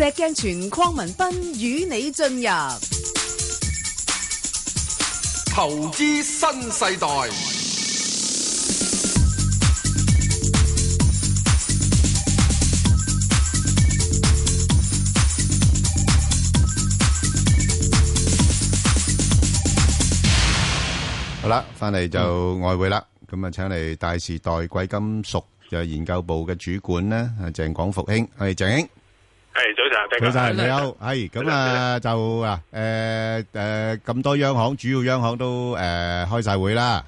石鏡泉鄺文斌與你進入投資新世代。好啦，翻嚟就外匯啦，咁啊，請嚟大時代貴金屬嘅研究部嘅主管咧，啊，鄭廣復兄，係鄭兄。係早晨，早晨你好。係咁啊，就啊誒誒，咁多央行，主要央行都誒開晒會啦。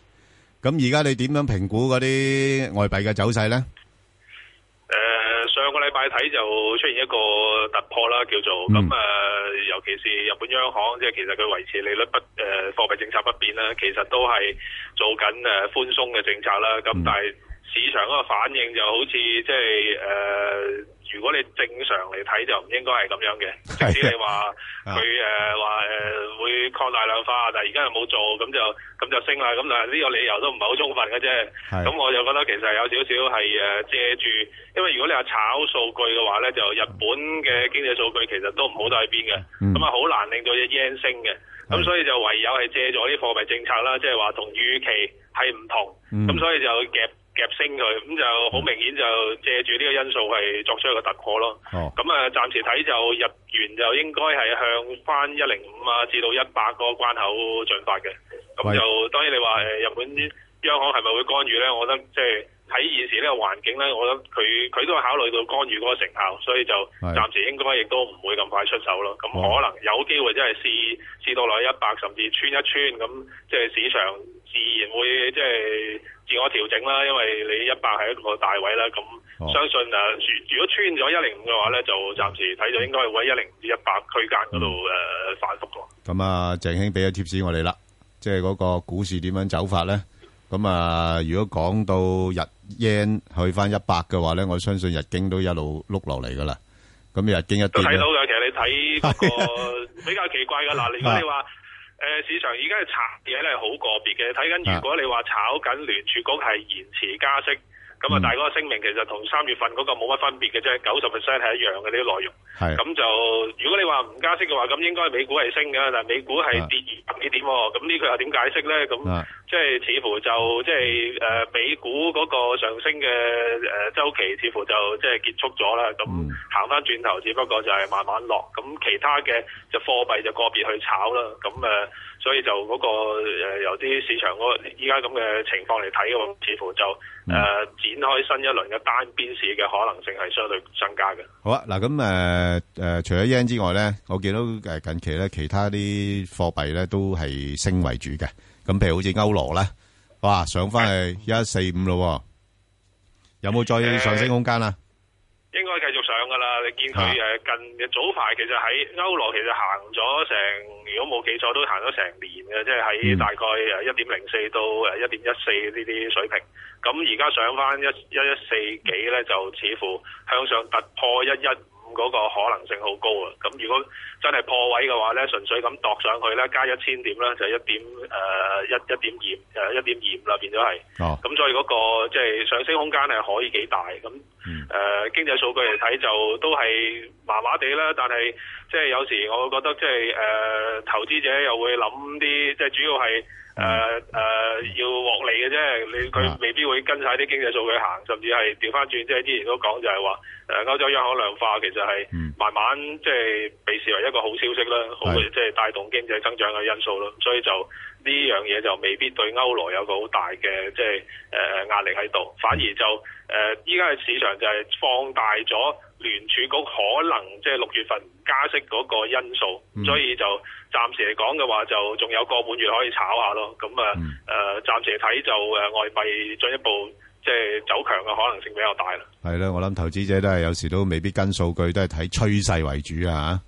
咁而家你點樣評估嗰啲外幣嘅走勢咧？誒，上個禮拜睇就出現一個突破啦，叫做咁誒，尤其是日本央行，即係其實佢維持利率不誒貨幣政策不變啦，其實都係做緊誒寬鬆嘅政策啦。咁但係市場嗰個反應就好似即係誒、呃，如果你正常嚟睇就唔應該係咁樣嘅。即使你話佢誒話誒會擴大量化，但係而家又冇做，咁就咁就升啦。咁但係呢個理由都唔係好充分嘅啫。咁 我就覺得其實有少少係誒借住，因為如果你炒數話炒數據嘅話咧，就日本嘅經濟數據其實都唔好得喺邊嘅，咁啊好難令到隻 yen 升嘅。嗯。咁所以就唯有係借助啲貨幣政策啦，即係話同預期係唔同，咁、嗯、所以就夾夾升佢，咁就好明顯就借住呢個因素係作出一個突破咯。咁誒、哦啊、暫時睇就日元就應該係向翻一零五啊至到一百個關口進發嘅。咁就喂當然你話誒日本央行係咪會干預咧？我覺得即係。就是睇現時呢個環境咧，我諗佢佢都係考慮到干預嗰個成效，所以就暫時應該亦都唔會咁快出手咯。咁可能有機會真係試試到落去一百，甚至穿一穿咁，即係市場自然會即係自我調整啦。因為你一百係一個大位啦，咁相信誒、啊，如果穿咗一零五嘅話咧，就暫時睇就應該會喺一零五至一百區間嗰度誒反覆嘅。咁啊，鄭兄俾個貼士我哋啦，即係嗰個股市點樣走法咧？咁啊，如果講到日 yen 去返一百嘅話咧，我相信日經都一路碌落嚟噶啦。咁日經一度睇到嘅。其實你睇嗰個比較奇怪嘅嗱，如果你話誒市場而家嘅炒嘢咧，係好個別嘅。睇緊，如果你話炒緊聯儲局係延遲加息。咁啊，大哥、嗯、聲明其實同三月份嗰個冇乜分別嘅啫，九十 percent 係一樣嘅呢啲內容。係咁是就，如果你話唔加息嘅話，咁應該美股係升嘅，但係美股係跌二十幾點，咁呢、啊、句又點解釋咧？咁、啊、即係似乎就即係誒美股嗰個上升嘅誒週期，似乎就即係結束咗啦。咁行翻轉頭，只不過就係慢慢落。咁其他嘅就貨幣就個別去炒啦。咁誒。呃所以就嗰個誒由啲市場嗰依家咁嘅情況嚟睇，嘅話似乎就誒、嗯呃、展開新一輪嘅單邊市嘅可能性係相對增加嘅。好啊，嗱咁誒誒，除咗 yen 之外咧，我見到誒近期咧其他啲貨幣咧都係升為主嘅。咁譬如好似歐羅咧，哇，上翻去一四五咯，嗯、有冇再上升空間啊？嗯應該繼續上㗎喇，你見佢誒近、啊、早排其實喺歐羅其實行咗成，如果冇記錯都行咗成年嘅，即係喺大概誒一點零四到誒一點一四呢啲水平。咁而家上返一一一四幾咧，就似乎向上突破一一。嗰個可能性好高啊！咁如果真係破位嘅話呢，純粹咁度上去呢，加一千點呢，就一、是、點誒一一點二誒一點二啦，變咗係。咁、哦、所以嗰、那個即係、就是、上升空間係可以幾大咁誒、嗯呃、經濟數據嚟睇就都係麻麻地啦，但係即係有時我覺得即係誒投資者又會諗啲即係主要係。誒誒、呃呃，要獲利嘅啫，你佢未必會跟晒啲經濟數據行，甚至係掉返轉，即係之前都講就係話，誒，歐洲央行量化其實係慢慢即係被視為一個好消息啦，好即係帶動經濟增長嘅因素咯，所以就呢樣嘢就未必對歐羅有個好大嘅即係誒壓力喺度，反而就誒依家嘅市場就係放大咗。聯儲局可能即係六月份加息嗰個因素，所以就暫時嚟講嘅話，就仲有個半月可以炒下咯。咁啊，誒，暫時睇就誒外幣進一步即係走強嘅可能性比較大啦。係咯，我諗投資者都係有時都未必跟數據，都係睇趨勢為主啊。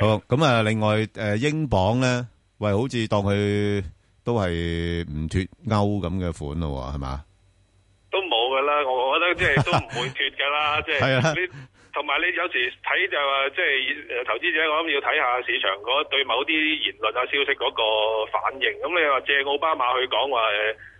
嚇，好咁啊，另外誒，英鎊咧，喂，好似當佢都係唔脱歐咁嘅款咯，係嘛？即係都唔會缺噶啦，即、就、係、是、你同埋 你有時睇就係話，即、就、係、是、投資者我諗要睇下市場嗰對某啲言論啊、消息嗰個反應。咁你話借奧巴馬去講話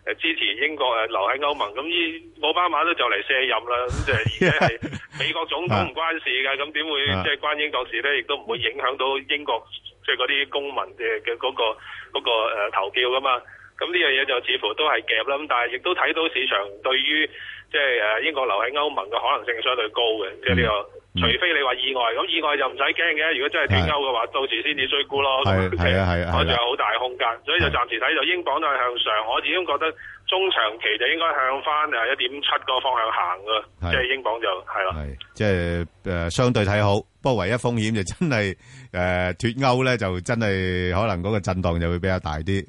誒支持英國誒留喺歐盟，咁依奧巴馬都就嚟卸任啦，咁就是、 而且係美國總統唔關事噶，咁點 會即係、就是、關英國事咧？亦都唔會影響到英國即係嗰啲公民嘅嘅嗰個、那個誒、那個、投票噶嘛？咁呢樣嘢就似乎都係夾啦。咁但係亦都睇到市場對於即係誒英國留喺歐盟嘅可能性相對高嘅，即係呢個除非你話意外，咁意外就唔使驚嘅。如果真係脱歐嘅話，是的 到時先至追估咯。係啊係啊，我仲有好大嘅空間，是的 所以就暫時睇就英鎊都係向上。是的 我自己覺得中長期就應該向翻誒一點七個方向行噶，即係是的 英鎊就係咯，即係誒相對睇好。不過唯一風險就真係誒脱歐咧，嗯、就真係可能嗰個震盪就會比較大啲。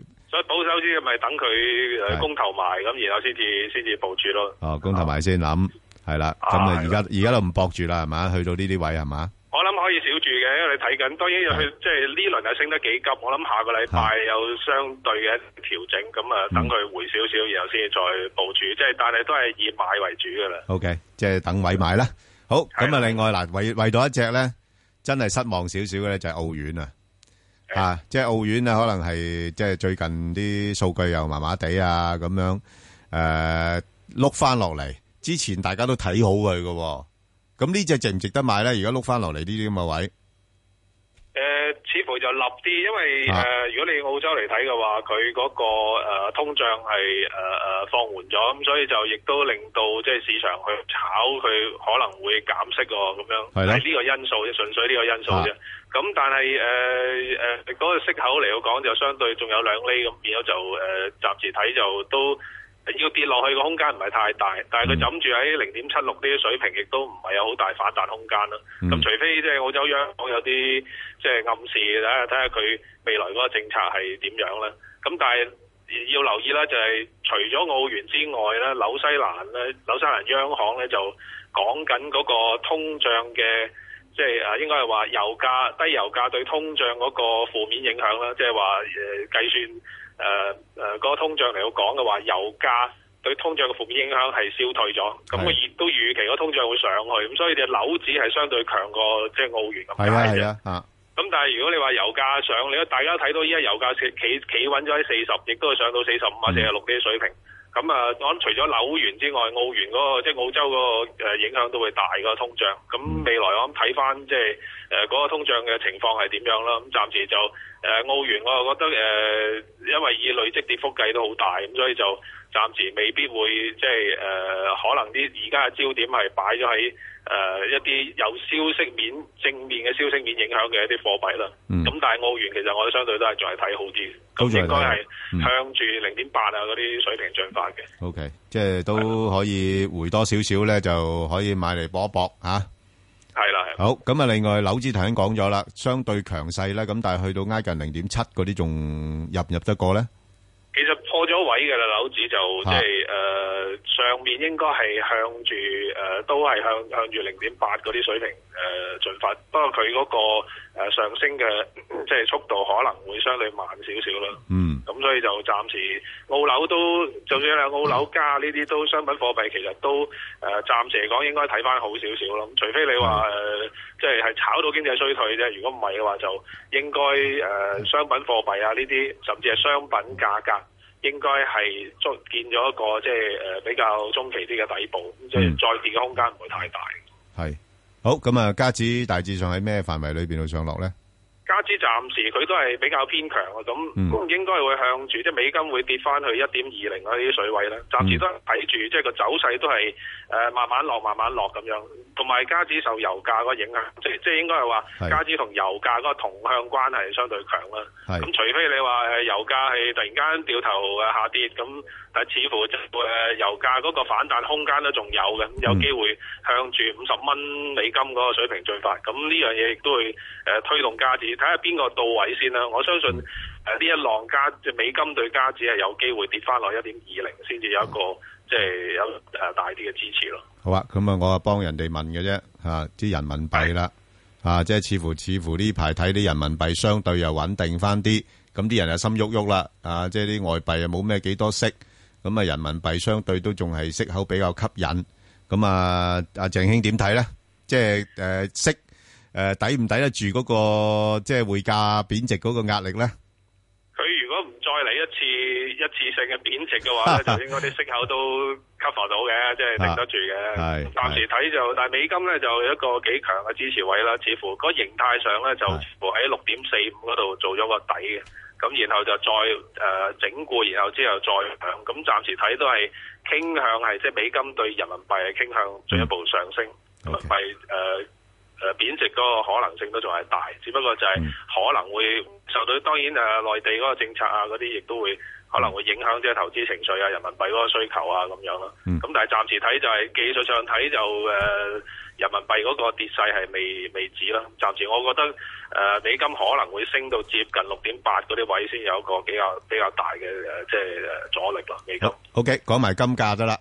好似咪等佢誒公投埋，咁然後先至先至部署咯。哦，公投埋先諗，係啦。咁啊，而家而家都唔搏住啦，係嘛？去到呢啲位係嘛？我諗可以少住嘅，因為你睇緊，當然去即係呢輪係升得幾急，我諗下個禮拜有相對嘅調整，咁啊等佢回少少，然後先至再部署。即係但係都係以買為主嘅啦。OK，即係等位買啦。好，咁啊，另外嗱，為為到一隻咧，真係失望少少嘅咧，就係澳元啊。啊！即係澳元啊，可能係即係最近啲數據又麻麻哋啊，咁樣誒，碌翻落嚟，之前大家都睇好佢嘅。哦，咁呢隻值唔值得買咧？而家碌翻落嚟呢啲咁嘅位？似乎就立啲，因為誒、啊呃，如果你澳洲嚟睇嘅話，佢嗰、那個、呃、通脹係誒誒放緩咗，咁所以就亦都令到即係市場去炒佢可能會減息喎，咁樣係呢個因素，純粹呢個因素啫。咁、啊、但係誒誒，嗰、呃呃那個、息口嚟到講，就相對仲有兩厘咁，變咗就誒，暫時睇就都。要跌落去個空間唔係太大，但係佢枕住喺零點七六呢啲水平，亦都唔係有好大反彈空間啦。咁、嗯、除非即係澳洲央行有啲即係暗示，睇下睇下佢未來嗰個政策係點樣啦。咁但係要留意啦，就係、是、除咗澳元之外咧，紐西蘭咧，紐西蘭央行咧就講緊嗰個通脹嘅，即係啊應該係話油價低油價對通脹嗰個負面影響啦，即係話誒計算。誒誒，個、呃呃、通脹嚟講嘅話，油價對通脹嘅負面影響係消退咗，咁我亦都預期個通脹會上去，咁所以你紐紙係相對強過即係澳元咁解嘅。係啊係啊，啊！咁、嗯、但係如果你話油價上，你大家睇到依家油價企企穩咗喺四十，亦都係上到四十五或者四十六呢啲水平。嗯咁啊、嗯，我諗除咗紐元之外，澳元嗰、那個即係澳洲嗰、那個、呃、影響都會大、這個通脹。咁未來我諗睇翻即係誒嗰個通脹嘅情況係點樣咯。咁、嗯、暫時就誒、呃、澳元，我又覺得誒、呃、因為以累積跌幅計都好大，咁、嗯、所以就。暫時未必會即係誒，可能啲而家嘅焦點係擺咗喺誒一啲有消息面正面嘅消息面影響嘅一啲貨幣啦。嗯，咁但係澳元其實我哋相對都係仲係睇好啲，咁應該係向住零點八啊嗰啲水平進發嘅。OK，即係都可以回多少少咧，就可以買嚟搏一搏嚇。係啦，係。好，咁啊，另外柳志頭先講咗啦，相對強勢咧，咁但係去到挨近零點七嗰啲，仲入唔入得過咧？過咗位嘅啦，樓指就即係誒、呃、上面應該係向住誒、呃、都係向向住零點八嗰啲水平誒進發，不過佢嗰、那個、呃、上升嘅、呃、即係速度可能會相對慢少少啦。嗯，咁所以就暫時澳樓都，就算有澳樓加呢啲都，商品貨幣其實都誒暫、呃、時嚟講應該睇翻好少少咯。除非你話、嗯呃、即係係炒到經濟衰退啫，如果唔係嘅話，就應該誒、呃、商品貨幣啊呢啲，甚至係商品價格。應該係建咗一個即係誒比較中期啲嘅底部，嗯、即係再跌嘅空間唔會太大。係。好，咁啊，加指大致上喺咩範圍裏邊去上落咧？暫時佢都係比較偏強啊，咁、嗯、應該會向住即係美金會跌翻去一點二零嗰啲水位咧。暫時都睇住，嗯、即係個走勢都係誒、呃、慢慢落、慢慢落咁樣。同埋加紙受油價嗰個影響，即係即係應該係話加紙同油價嗰個同向關係相對強啦。咁是除非你話係油價係突然間掉頭啊下跌咁。但似乎即係誒油價嗰個反彈空間都仲有嘅，有機會向住五十蚊美金嗰個水平進發。咁呢樣嘢亦都會誒推動加紙，睇下邊個到位先啦。我相信誒呢一浪加即美金對加紙係有機會跌翻落一點二零，先至有一個即係有誒大啲嘅支持咯。好啊，咁啊，我幫人哋問嘅啫嚇，啲、啊、人民幣啦嚇的、啊，即係似乎似乎呢排睇啲人民幣相對又穩定翻啲，咁啲人又心喐喐啦啊，即係啲外幣又冇咩幾多息，咁啊，人民幣相對都仲係息口比較吸引。咁啊，阿鄭兄點睇咧？即係誒息誒抵唔抵得住嗰個即係匯價貶值嗰個壓力咧？佢如果唔再嚟一次一次性嘅貶值嘅話咧，就應該啲息口都 cover 到嘅，即係定得住嘅。暫時睇就，但係美金咧就有一個幾強嘅支持位啦。似乎個形態上咧就係喺六點四五嗰度做咗個底嘅。咁然後就再誒、呃、整固，然後之後再、嗯、強。咁暫時睇都係傾向係即係美金對人民幣係傾向進一步上升，Okay. 人民幣誒誒貶值嗰個可能性都仲係大。只不過就係可能會受到、嗯、當然誒內、呃、地嗰個政策啊嗰啲，亦都會可能會影響即係投資情緒啊、人民幣嗰個需求啊咁樣咯。咁、嗯、但係暫時睇就係、是、技術上睇就誒。呃人民幣嗰個跌勢係未未止啦，暫時我覺得誒、呃、美金可能會升到接近六點八嗰啲位先有一個比較比較大嘅誒即係誒阻力咯。美金。O K. 講埋金價得啦。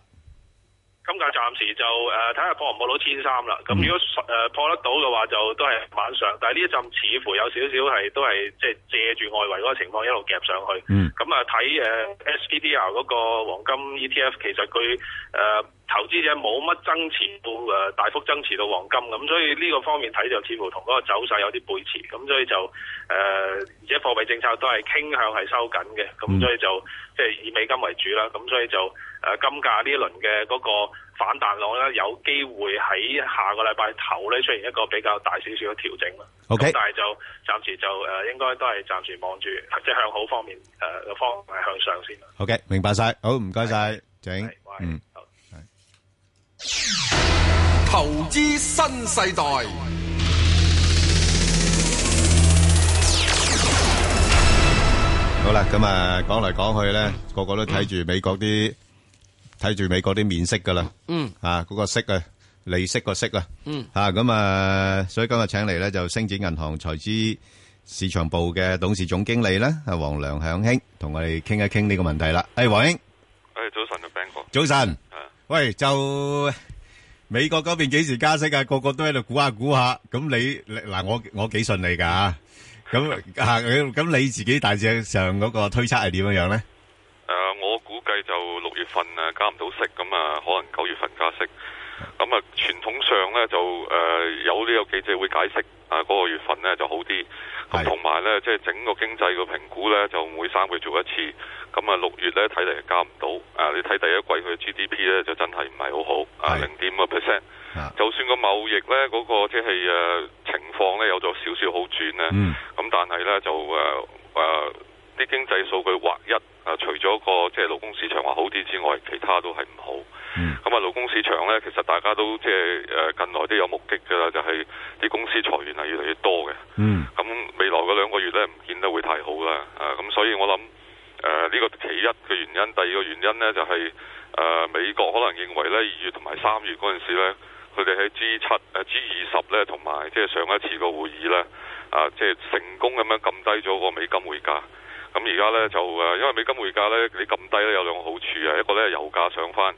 金價暫時就誒睇下破唔破到千三啦。咁如果誒、呃、破得到嘅話就，就都係晚上。但係呢一陣似乎有少少係都係即係借住外圍嗰個情況一路夾上去。嗯。咁啊睇誒 S P D R 嗰個黃金 E T F，其實佢誒。呃呃投資者冇乜增持到誒、呃、大幅增持到黃金咁、嗯，所以呢個方面睇就似乎同嗰個走勢有啲背馳咁、嗯，所以就誒、呃、而且貨幣政策都係傾向係收緊嘅，咁、嗯、所以就即係以美金為主啦。咁、嗯、所以就誒、呃、金價呢輪嘅嗰個反彈浪咧，有機會喺下個禮拜頭咧出現一個比較大少少嘅調整啦。OK，但係就暫時就誒、呃、應該都係暫時望住即係向好方面誒嘅、呃、方向上先。OK，明白晒？好唔該晒，鄭，嗯。投資新世代好啦，咁啊講嚟講去咧，個個都睇住美國啲睇住美國啲面色噶啦，嗯啊嗰個息啊，利息個息啊，嗯吓咁啊，所以今日請嚟咧就星展銀行財資市場部嘅董事總經理咧，阿王良享兄同我哋傾一傾呢個問題啦。誒王兄，誒早晨啊，Ben 哥，早晨。喂，就美國嗰邊幾時加息啊？個個都喺度估下估下，咁你嗱我我幾順利噶？咁啊，咁你自己大致上嗰個推測係點樣樣咧？誒，我估計就六月份啊，加唔到息，咁啊，可能九月份加息。咁啊，傳統上咧就誒有呢個記者會解釋啊，嗰個月份咧就好啲。咁同埋咧，即係整個經濟嘅評估咧，就每三個月做一次。咁啊，六月咧睇嚟又加唔到啊！你睇第一季佢 GDP 咧就真係唔係好好是啊，零點、嗰個 percent。就算個貿易咧嗰個即係誒情況咧有咗少少好轉咧，咁、嗯、但係咧就誒誒啲經濟數據劃一啊，除咗、嗰個即係勞工市場話好啲之外，其他都係唔好。咁啊、嗯，勞工市場咧其實大家都即係誒近來都有目擊噶，就係、是、啲公司裁員係越嚟越多嘅。咁、嗯、未來嗰兩個月咧唔見得會太好啦啊！咁所以我諗。誒呢、呃這個其一嘅原因，第二個原因呢，就係、是、誒、呃、美國可能認為呢，二月同埋三月嗰陣時呢，佢哋喺 G 七誒 G 二十呢同埋即係上一次個會議呢，啊即係成功咁樣撳低咗個美金匯價。咁而家呢，就誒、呃，因為美金匯價呢，你撳低呢，有兩個好處啊，一個呢，油價上返，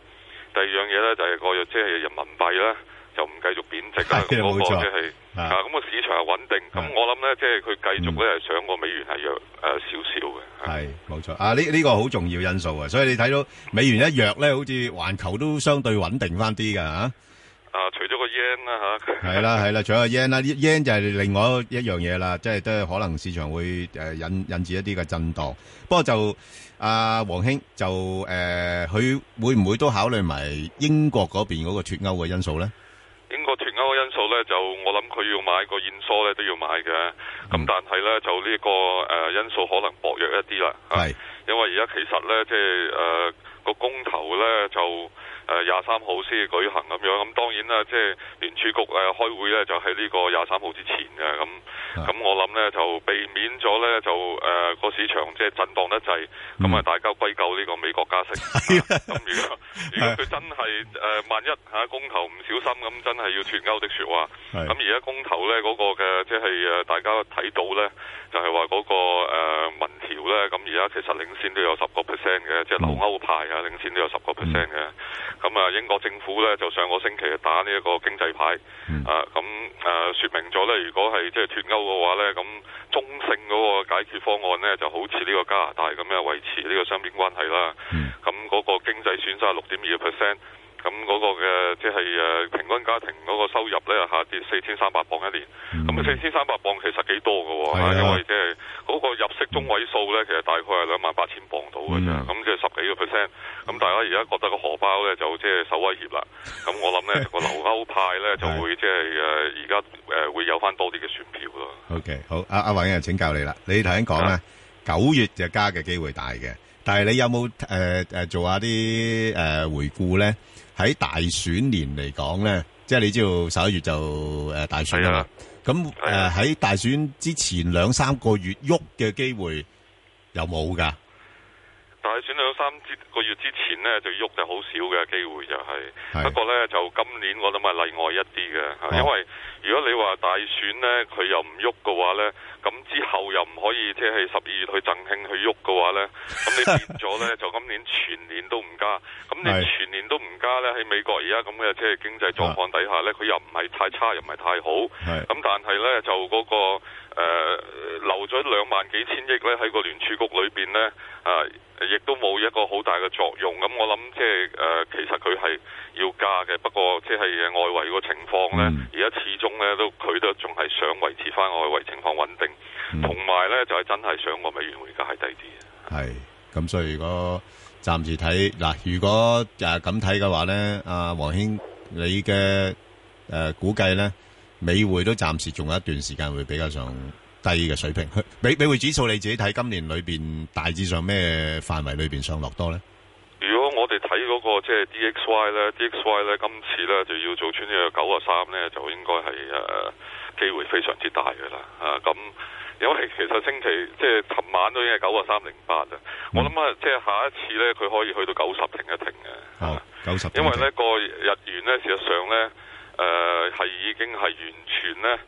第二樣嘢呢，就係、是那個即係、就是、人民幣呢，就唔繼續貶值啦。冇錯，啊咁個市場係穩定。咁我諗咧，即係佢繼續咧係上過美元係弱誒少少嘅。係冇錯啊！呢呢個好重要因素啊。所以你睇到美元一弱咧，好似環球都相對穩定翻啲㗎嚇。啊，除咗個 yen 啦嚇，係啦係啦，除咗個 yen 啦，yen 就係另外一一樣嘢啦，即係都係可能市場會誒引引致一啲嘅震盪。不過就啊，王兄就誒，佢會唔會都考慮埋英國嗰邊嗰個脱歐嘅因素咧？英國脫歐嘅因素咧，就我諗佢要買個燕梳咧都要買嘅，咁但係咧，就呢個誒因素可能薄弱一啲啦，係是，因為而家其實咧即係誒個公投咧就。誒廿三號先舉行咁樣，咁當然啦，即、就、係、是、聯儲局誒、呃、開會咧，就喺呢個廿三號之前嘅咁。咁的我諗呢，就避免咗呢，就誒個、呃、市場即係震盪得滯，咁啊、嗯、大家歸咎呢個美國加息。咁、 啊、如果如果佢的真係誒、呃、萬一嚇、啊、公投唔小心咁，真係要脱歐的説話，咁而家公投呢嗰、那個嘅即係誒大家睇到呢，就係話嗰個、呃、民調呢。咁而家其實領先都有十個 percent 嘅，即係留歐派啊，領先都有十個 percent 嘅。咁啊，英國政府咧就上個星期打呢一個經濟牌，mm. 啊，咁誒説明咗咧，如果係即係脱歐嘅話咧，咁中性嗰個解決方案咧就好似呢個加拿大咁樣，維持呢個雙邊關係啦。咁嗰、mm. 啊那個經濟損失係六點二 percent。咁嗰個嘅即係誒平均家庭嗰個收入咧，下跌四千三百磅一年。咁四千三百磅其實幾多㗎喎？因為即係嗰個入息中位數咧，其實大概係兩萬八千磅度嘅啫。咁即係十幾個 percent。咁大家而家覺得個荷包咧就即係受威脅啦。咁我諗咧個留歐派咧就會即係誒而家誒會有翻多啲嘅選票咯。OK，好，阿阿享又請教你啦。你頭先講咧九月就加嘅機會大嘅，但係你有冇誒誒做下啲誒回顧咧？喺大選年嚟講咧，即係你知道十一月就誒大選啦。咁誒喺大選之前兩三個月喐嘅機會有冇㗎？大選兩三個月之前呢，就喐就好少嘅機會就係、是。不過是呢，就今年我諗係例外一啲嘅，啊、因為如果你話大選呢，佢又唔喐嘅話呢，咁之後又唔可以即係十二月去贈慶去喐嘅話呢，咁你變咗呢，就今年全年都唔加。咁你全年都唔加呢，喺美國而家咁嘅即係經濟狀況底下呢，佢、啊、又唔係太差，又唔係太好。咁、啊、但係呢，就嗰、那個。誒、呃、留咗兩萬幾千億咧喺個聯儲局裏邊咧，誒、呃、亦都冇一個好大嘅作用。咁我諗即係誒，其實佢係要加嘅。不過即係外圍個情況咧，而家、嗯、始終咧都佢都仲係想維持翻外圍情況穩定，同埋咧就係、是、真係想個美元匯價係低啲。係，咁所以如果暫時睇嗱，如果就誒咁睇嘅話咧，阿、呃、王兄你嘅誒、呃、估計咧？美匯都暫時仲有一段時間會比較上低嘅水平。美美匯指數你自己睇今年裏邊大致上咩範圍裏邊上落多咧？如果我哋睇嗰個即係 DXY 咧 ，DXY 咧今次咧就要做穿呢個九十三咧，就應該係誒、啊、機會非常之大嘅啦。啊，咁因為其實星期即係琴晚都已經係九十三零八啊。嗯、我諗啊，即係下一次咧，佢可以去到九十停一停嘅。哦，九十、啊。停停因為呢、這個日元咧，事實上咧。 誒係、呃、已經係完全咧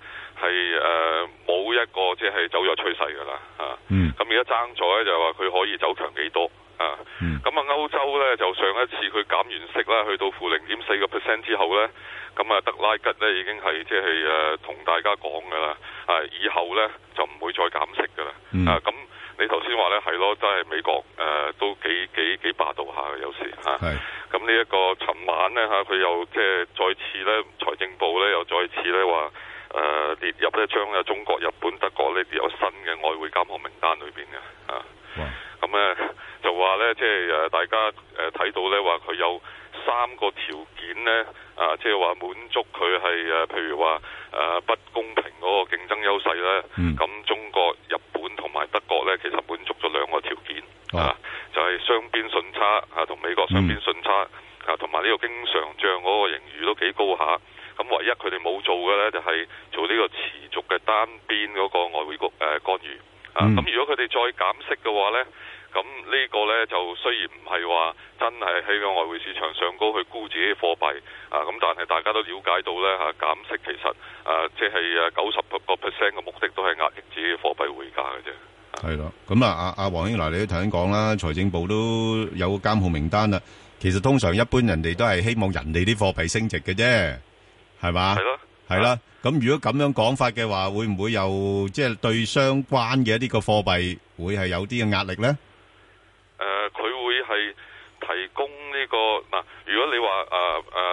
係誒冇一個即係走弱趨勢㗎啦嚇，咁而家爭咗咧就話、是、佢可以走強幾多啊？咁啊、嗯、歐洲咧就上一次佢減完息啦，去到負零點四個 percent 之後咧，咁啊德拉吉咧已經係即係誒同大家講㗎啦，啊以後咧就唔會再減息㗎啦啊咁。你頭先話咧係咯，都係美國誒都幾幾幾霸道下嘅有時嚇。咁、啊的這個、呢一個尋晚咧嚇，佢、啊、又即係再次咧財政部咧又再次咧話誒列入咧將啊中國、日本、德國咧有新嘅外匯監控名單裏邊嘅嚇。咁、啊、咧哇、啊、就話咧即係誒大家誒睇到咧話佢有三個條件咧啊，即係話滿足佢係誒譬如話。誒、啊、不公平嗰個競爭優勢咧，咁、嗯、中國、日本同埋德國咧，其實滿足咗兩個條件、哦、啊，就係、是、雙邊順差啊，同美國雙邊順差、嗯、啊，同埋呢個經常帳嗰個盈餘都幾高下。咁、啊、唯一佢哋冇做嘅咧，就係、是、做呢個持續嘅單邊嗰個外匯局誒、呃、干預啊。咁、啊、如果佢哋再減息嘅話咧？咁呢個咧就雖然唔係話真係喺個外匯市場上高去沽自己貨幣啊，咁但係大家都瞭解到咧嚇，減息其實誒即係誒九十個 percent 嘅目的都係壓抑自己貨幣匯價嘅啫。係咯，咁啊，阿阿王良享，你都頭先講啦，財政部都有個監控名單啦。其實通常一般人哋都係希望人哋啲貨幣升值嘅啫，係嘛？係咯，係啦。咁如果咁樣講法嘅話，會唔會有即係對相關嘅一啲個貨幣會係有啲嘅壓力咧？係提，提供呢、這個嗱、啊，如果你話誒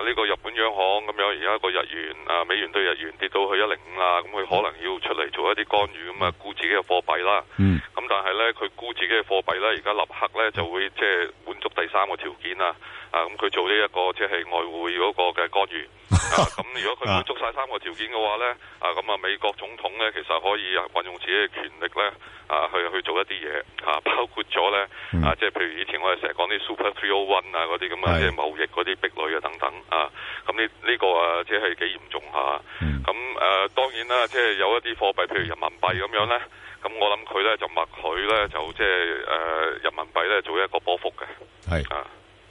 誒呢個日本央行咁樣，而家個日元啊美元對日元跌到去一零五啦，咁、嗯、佢、嗯、可能要出嚟做一啲干預咁啊沽自己嘅貨幣啦。咁、嗯、但係呢，佢沽自己嘅貨幣咧，而家立刻呢就會即係滿足第三個條件啊。啊，咁佢做呢一個即係外匯嗰個嘅干預啊，咁如果佢滿足晒三個條件嘅話咧，啊，咁啊美國總統咧其實可以啊運用自己嘅權力咧啊去去做一啲嘢啊，包括咗咧、hmm. 啊，即係譬如以前我哋成日講啲 Super Three O One 啊嗰啲咁嘅即係貿易嗰啲壁壘啊等等啊，咁呢呢個啊即係幾嚴重吓，咁誒、hmm. 啊、當然啦，即係有一啲貨幣譬如人民幣咁樣咧，咁、hmm. 我諗佢咧就默許咧就即係誒人民幣咧做一個波幅嘅係啊。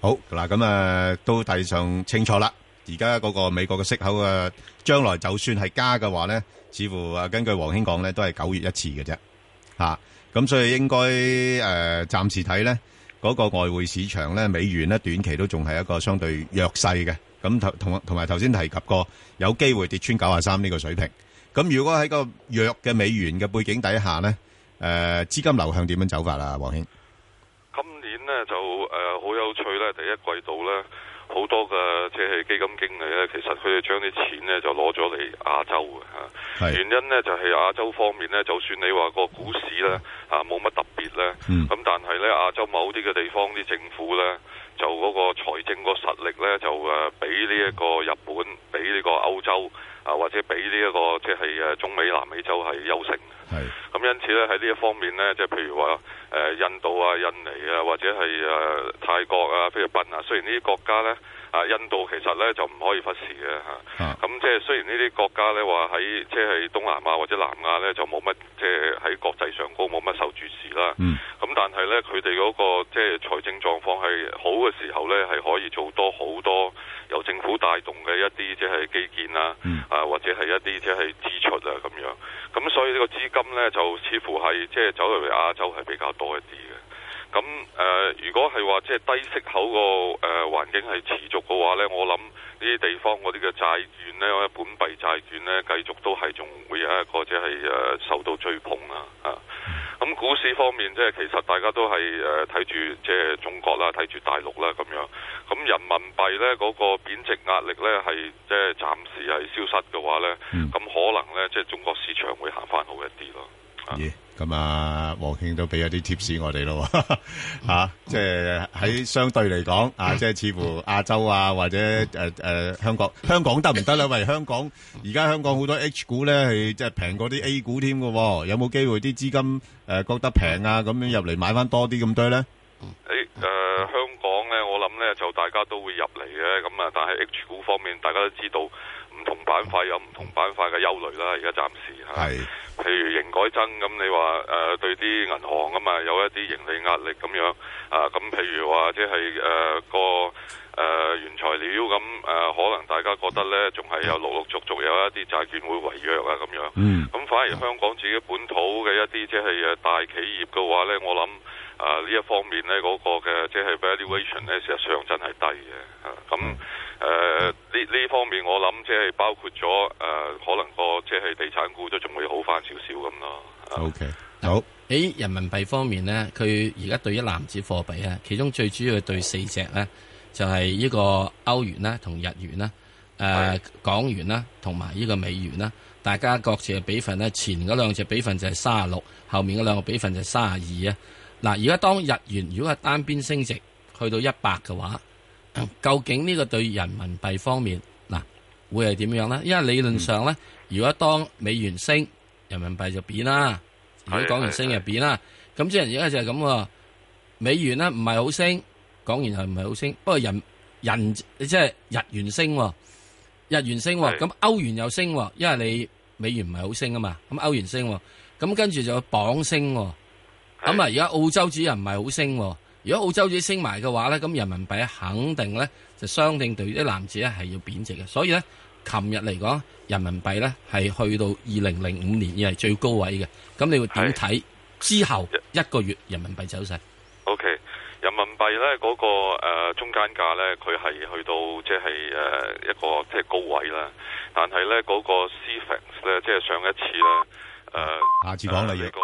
好嗱，咁啊都大致上清楚啦。而家嗰個美國嘅息口啊，將來就算係加嘅話咧，似乎啊根據王兄講咧，都係九月一次嘅啫。吓、啊，咁所以應該誒、呃，暫時睇咧嗰個外匯市場咧，美元咧短期都仲係一個相對弱勢嘅。咁同同同埋頭先提及過，有機會跌穿九啊三呢個水平。咁如果喺個弱嘅美元嘅背景底下咧，誒、呃，資金流向點樣走法啊？王兄，今年咧就。好有趣咧！第一季度咧，好多嘅，即係基金經理咧，其實佢哋將啲錢咧就攞咗嚟亞洲嘅嚇，是原因咧就係亞洲方面咧，就算你話個股市咧嚇冇乜特別咧，咁、嗯、但係咧亞洲某啲嘅地方啲政府咧，就嗰個財政個實力咧就誒俾呢一個日本，俾呢個歐洲啊，或者俾呢一個，即係誒中美南美洲係優勝，係咁，因此咧喺呢一方面咧，即係譬如話誒、呃、印度啊、印尼啊，或者係誒、呃、泰國啊，菲律賓啊，雖然呢啲國家咧。啊！印度其實咧就唔可以忽視嘅嚇，咁即係雖然呢啲國家咧話喺即係東南亞或者南亞咧就冇乜即係喺國際上高冇乜受注視啦，咁、嗯、但係咧佢哋嗰個即係財政狀況係好嘅時候咧係可以做多好多由政府帶動嘅一啲即係基建啦、啊，嗯、啊或者係一啲即係支出啊咁樣，咁、嗯、所以個資呢個資金咧就似乎係即係走入嚟亞洲係比較多一啲嘅。咁誒、呃，如果係話即係低息口個誒、呃、環境係持續嘅話咧，我諗呢啲地方嗰啲嘅債券咧、或者本幣債券咧，繼續都係仲會有一個即係誒受到追捧啊！啊，咁股市方面即係其實大家都係誒睇住即係中國啦、睇住大陸啦咁樣。咁人民幣咧嗰個貶值壓力咧係即係暫時係消失嘅話咧，咁可能咧即係中國市場會行翻好一啲咯。咦，咁、yeah, 啊，王慶都俾一啲貼士我哋咯，吓，即係喺相對嚟講啊，即係、啊、似乎亞洲啊或者誒誒、啊啊、香港，香港得唔得咧？喂，香港而家香港好多 H 股咧，係即係平過啲 A 股添嘅，有冇機會啲資金誒、呃、覺得平啊咁樣入嚟買翻多啲咁多咧？誒、欸，誒、呃，香港咧，我諗咧就大家都會入嚟嘅，咁啊，但係 H 股方面大家都知道。同板塊有唔同板塊嘅憂慮啦，而家、嗯、暫時係，是譬如營改增咁，你話誒、呃、對啲銀行啊嘛、呃，有一啲盈利壓力咁樣啊，咁、呃呃、譬如話即係誒個誒原材料咁誒、呃，可能大家覺得呢，仲係有陸陸續續有一啲債券會違約啊咁樣，咁、嗯、反而香港自己本土嘅一啲即係誒大企業嘅話呢，我諗。啊！呢一方面咧，嗰、那個嘅即係 valuation 咧，事實上真係低嘅。嚇咁誒呢呢方面，我諗即係包括咗誒、啊、可能個即係地產股都仲會好翻少少咁咯。啊、o Okay . K. 好誒，啊、人民幣方面咧，佢而家對一籃子貨幣啊，其中最主要對四隻咧，就係、是、呢個歐元啦、啊、同日元啦、啊、誒是、啊、港元啦、啊、同埋呢個美元啦、啊。大家各自嘅比分咧、啊，前嗰兩隻比分就係三十六，後面嗰兩個比分就係三十二啊。嗱，而家當日元如果係單邊升值去到一百嘅話，究竟呢個對人民幣方面嗱、啊、會係點樣咧？因為理論上咧，嗯、如果當美元升，人民幣就貶啦。如果港元升又貶啦，咁即係而家就係咁喎。美元咧唔係好升，港元又唔係好升，不過人人即係、就是、日元升、啊，日元升、啊，咁對歐元又升、啊，因為你美元唔係好升啊嘛，咁歐元升、啊，咁跟住就鎊升、啊。咁啊，而家澳洲紙又唔係好升。如果澳洲紙升埋嘅話咧，咁人民幣肯定咧就相對啲籃子咧係要貶值嘅。所以咧，琴日嚟講，人民幣咧係去到二零零五年以嚟最高位嘅。咁你會點睇之後一個月人民幣走勢？O K，人民幣咧嗰個誒中間價咧，佢係去到即係誒一個即係高位啦。但係咧嗰個 C F 咧，即係上一次咧誒，啊啊、下次講例個。